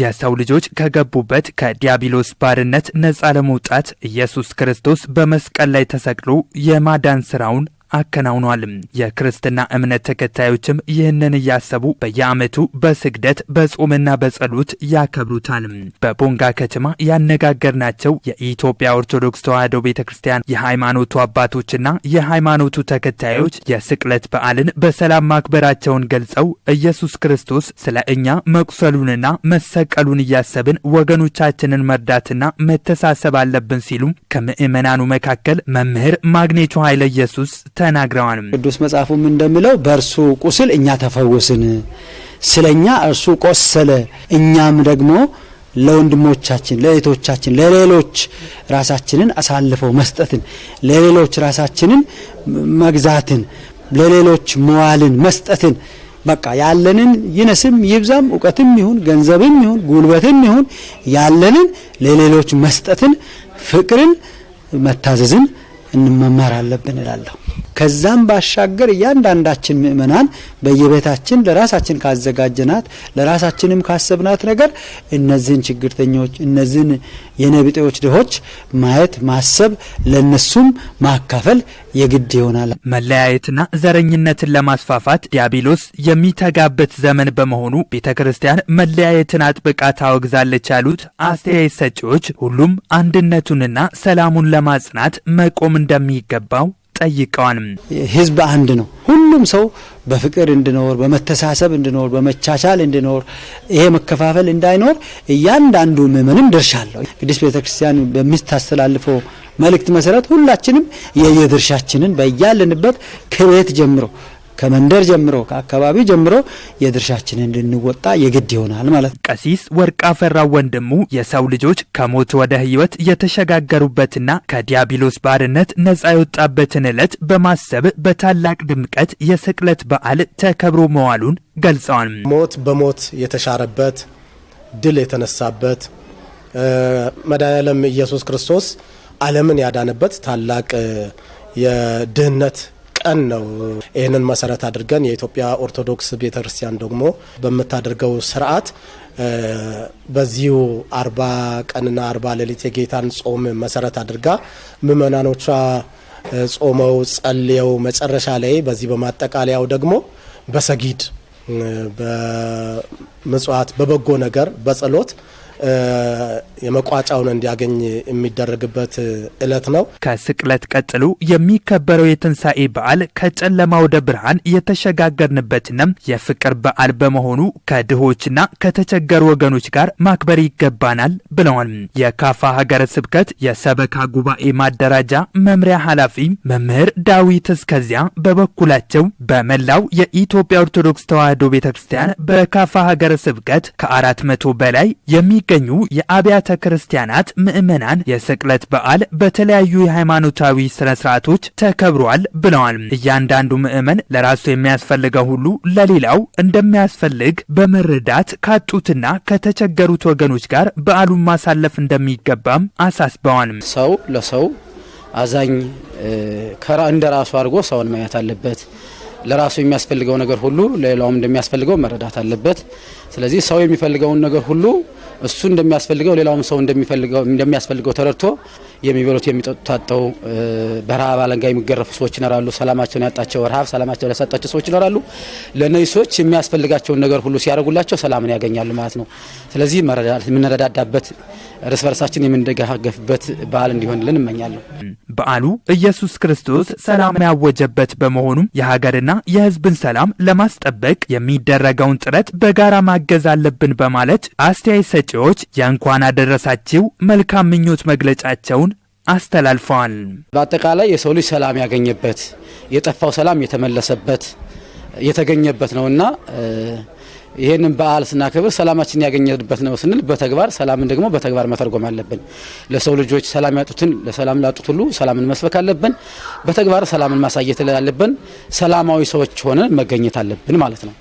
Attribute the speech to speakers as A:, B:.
A: የሰው ልጆች ከገቡበት ከዲያብሎስ ባርነት ነፃ ለመውጣት ኢየሱስ ክርስቶስ በመስቀል ላይ ተሰቅሎ የማዳን ስራውን አከናውኗል። የክርስትና እምነት ተከታዮችም ይህንን እያሰቡ በየዓመቱ በስግደት በጾምና በጸሎት ያከብሩታል። በቦንጋ ከተማ ያነጋገርናቸው የኢትዮጵያ ኦርቶዶክስ ተዋሕዶ ቤተ ክርስቲያን የሃይማኖቱ አባቶችና የሃይማኖቱ ተከታዮች የስቅለት በዓልን በሰላም ማክበራቸውን ገልጸው ኢየሱስ ክርስቶስ ስለ እኛ መቁሰሉንና መሰቀሉን እያሰብን ወገኖቻችንን መርዳትና መተሳሰብ አለብን ሲሉ ከምዕመናኑ መካከል መምህር ማግኔቹ ኃይለ ኢየሱስ ተናግረዋል።
B: ቅዱስ መጽሐፉም እንደሚለው በእርሱ ቁስል እኛ ተፈወስን፣ ስለኛ እርሱ ቆሰለ፣ እኛም ደግሞ ለወንድሞቻችን፣ ለእህቶቻችን፣ ለሌሎች ራሳችንን አሳልፈው መስጠትን፣ ለሌሎች ራሳችንን መግዛትን፣ ለሌሎች መዋልን መስጠትን በቃ ያለንን ይነስም ይብዛም እውቀትም ይሁን ገንዘብም ይሁን ጉልበትም ይሁን ያለንን ለሌሎች መስጠትን፣ ፍቅርን፣ መታዘዝን እንመማር አለብን እላለሁ። ከዛም ባሻገር እያንዳንዳችን ምእመናን በየቤታችን ለራሳችን ካዘጋጀናት ለራሳችንም ካሰብናት ነገር እነዚህን ችግርተኞች እነዚህን የነቢጤዎች ድሆች ማየት ማሰብ ለነሱም ማካፈል የግድ ይሆናል።
A: መለያየትና ዘረኝነትን ለማስፋፋት ዲያብሎስ የሚተጋበት ዘመን በመሆኑ ቤተ ክርስቲያን መለያየትን አጥብቃ ታወግዛለች ያሉት አስተያየት ሰጪዎች ሁሉም አንድነቱንና ሰላሙን ለማጽናት መቆም እንደሚገባው ጠይቀዋል።
B: ህዝብ አንድ ነው። ሁሉም ሰው በፍቅር እንድኖር፣ በመተሳሰብ እንድኖር፣ በመቻቻል እንድኖር፣ ይሄ መከፋፈል እንዳይኖር እያንዳንዱ ምእመንም ድርሻ አለው። ቅድስት ቤተክርስቲያን በሚታስተላልፈው መልእክት መሰረት ሁላችንም የየድርሻችንን በያለንበት ከቤት ጀምሮ ከመንደር ጀምሮ ከአካባቢው ጀምሮ የድርሻችንን ልንወጣ የግድ ይሆናል ማለት
A: ነው። ቀሲስ ወርቅ አፈራው ወንድሙ የሰው ልጆች ከሞት ወደ ሕይወት የተሸጋገሩበትና ከዲያብሎስ ባርነት ነጻ የወጣበትን ዕለት በማሰብ በታላቅ ድምቀት የስቅለት በዓል ተከብሮ መዋሉን ገልጸዋል።
C: ሞት በሞት የተሻረበት ድል የተነሳበት መድኃኔዓለም ኢየሱስ ክርስቶስ ዓለምን ያዳነበት ታላቅ የድህነት ቀን ነው። ይህንን መሰረት አድርገን የኢትዮጵያ ኦርቶዶክስ ቤተክርስቲያን ደግሞ በምታደርገው ስርዓት በዚሁ አርባ ቀንና አርባ ሌሊት የጌታን ጾም መሰረት አድርጋ ምእመናኖቿ ጾመው ጸልየው መጨረሻ ላይ በዚህ በማጠቃለያው ደግሞ በሰጊድ በምጽዋት በበጎ ነገር በጸሎት የመቋጫውን እንዲያገኝ የሚደረግበት እለት ነው።
A: ከስቅለት ቀጥሎ የሚከበረው የትንሣኤ በዓል ከጨለማ ወደ ብርሃን የተሸጋገርንበትንም የፍቅር በዓል በመሆኑ ከድሆችና ከተቸገሩ ወገኖች ጋር ማክበር ይገባናል ብለዋል። የካፋ ሀገረ ስብከት የሰበካ ጉባኤ ማደራጃ መምሪያ ኃላፊ መምህር ዳዊት እስከዚያ በበኩላቸው በመላው የኢትዮጵያ ኦርቶዶክስ ተዋሕዶ ቤተ ክርስቲያን በካፋ ሀገረ ስብከት ከአራት መቶ በላይ የሚ የሚገኙ የአብያተ ክርስቲያናት ምዕመናን የስቅለት በዓል በተለያዩ የሃይማኖታዊ ስነ ስርዓቶች ተከብሯል ብለዋል። እያንዳንዱ ምዕመን ለራሱ የሚያስፈልገው ሁሉ ለሌላው እንደሚያስፈልግ በመረዳት ካጡትና ከተቸገሩት ወገኖች ጋር በዓሉን ማሳለፍ እንደሚገባም አሳስበዋል።
D: ሰው ለሰው አዛኝ እንደ ራሱ አድርጎ ሰውን ማየት አለበት። ለራሱ የሚያስፈልገው ነገር ሁሉ ሌላውም እንደሚያስፈልገው መረዳት አለበት። ስለዚህ ሰው የሚፈልገውን ነገር ሁሉ እሱ እንደሚያስፈልገው ሌላውም ሰው እንደሚያስፈልገው ተረድቶ የሚበሉት የሚጠጣው በረሃብ አለንጋ የሚገረፉ ሰዎች ይኖራሉ። ሰላማቸውን ያጣቸው ረሃብ ሰላማቸውን ያሳጣቸው ሰዎች ይኖራሉ። ለእነዚህ ሰዎች የሚያስፈልጋቸውን ነገር ሁሉ ሲያደርጉላቸው ሰላምን ያገኛሉ ማለት ነው። ስለዚህ የምንረዳዳበት እርስ በርሳችን የምንደጋገፍበት በዓል እንዲሆንልን እመኛለሁ።
A: በዓሉ ኢየሱስ ክርስቶስ ሰላም ያወጀበት በመሆኑም የሀገርና የሕዝብን ሰላም ለማስጠበቅ የሚደረገውን ጥረት በጋራ ማገዝ አለብን በማለት አስተያየት ሰጪዎች የእንኳን አደረሳችሁ መልካም ምኞት መግለጫቸውን አስተላልፈዋል።
D: በአጠቃላይ የሰው ልጅ ሰላም ያገኘበት የጠፋው ሰላም የተመለሰበት የተገኘበት እና ይህንን በዓል ስናከብር ሰላማችን ያገኘበት ነው ስንል በተግባር ሰላምን ደግሞ በተግባር መተርጎም አለብን። ለሰው ልጆች ሰላም ያጡትን ለሰላም ላጡት ሁሉ ሰላምን መስበክ አለብን። በተግባር ሰላምን ማሳየት አለብን። ሰላማዊ ሰዎች ሆነን መገኘት አለብን ማለት ነው።